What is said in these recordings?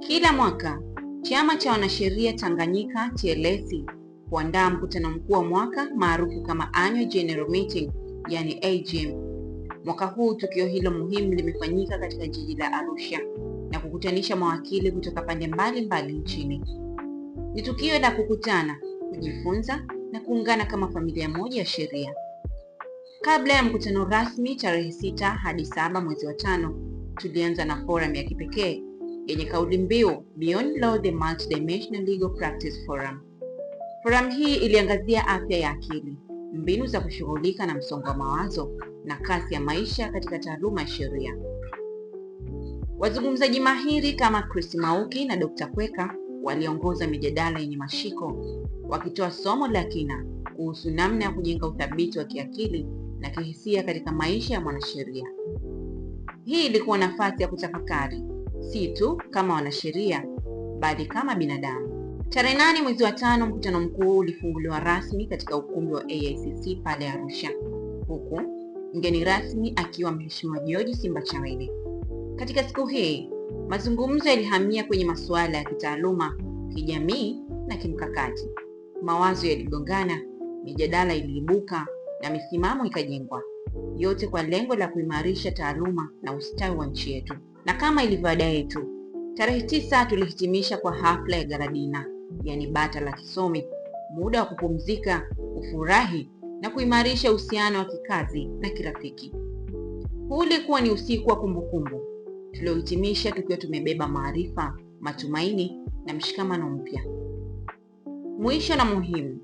Kila mwaka chama cha wanasheria Tanganyika TLS huandaa mkutano mkuu wa mwaka maarufu kama Annual General Meeting, yani AGM. Mwaka huu tukio hilo muhimu limefanyika katika jiji la Arusha na kukutanisha mawakili kutoka pande mbalimbali nchini. Ni tukio la kukutana, kujifunza na kuungana kama familia moja ya sheria. Kabla ya mkutano rasmi tarehe sita hadi saba mwezi wa tano, tulianza na forum ya kipekee yenye kauli mbiu Beyond Law the Multidimensional Legal Practice Forum. Forum hii iliangazia afya ya akili, mbinu za kushughulika na msongo wa mawazo na kasi ya maisha katika taaluma ya sheria. Wazungumzaji mahiri kama Chris Mauki na Dr. Kweka waliongoza mijadala yenye mashiko, wakitoa somo la kina kuhusu namna ya kujenga uthabiti wa kiakili na kihisia katika maisha ya mwanasheria. Hii ilikuwa nafasi ya kutafakari si tu kama wanasheria bali kama binadamu. Tarehe nane mwezi wa tano, mkutano mkuu ulifunguliwa rasmi katika ukumbi wa AICC pale Arusha, huku mgeni rasmi akiwa Mheshimiwa George chawele Katika siku hii, mazungumzo yalihamia kwenye masuala ya kitaaluma, kijamii na kimkakati. Mawazo yaligongana, mijadala iliibuka na misimamo ikajengwa, yote kwa lengo la kuimarisha taaluma na ustawi wa nchi yetu na kama ilivyoada yetu, tarehe tisa tulihitimisha kwa hafla ya garadina, yani bata la kisomi, muda wa kupumzika, kufurahi na kuimarisha uhusiano wa kikazi na kirafiki. Huu ulikuwa ni usiku wa kumbukumbu tuliohitimisha tukiwa tumebeba maarifa, matumaini na mshikamano mpya. Mwisho na muhimu,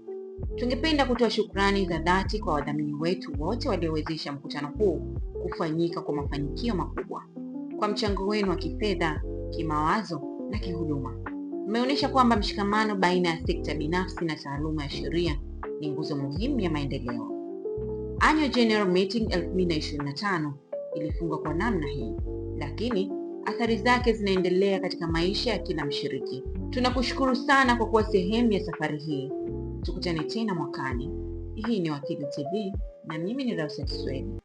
tungependa kutoa shukrani za dhati kwa wadhamini wetu wote waliowezesha mkutano huu kufanyika kwa mafanikio makubwa kwa mchango wenu wa kifedha, kimawazo na kihuduma. Mmeonyesha kwamba mshikamano baina ya sekta binafsi na taaluma ya sheria ni nguzo muhimu ya maendeleo. Annual General Meeting 2025 ilifungwa kwa namna hii, lakini athari zake zinaendelea katika maisha ya kila mshiriki. Tunakushukuru sana kwa kuwa sehemu ya safari hii. Tukutane tena mwakani. Hii ni Wakili TV na mimi ni rausa Swedi.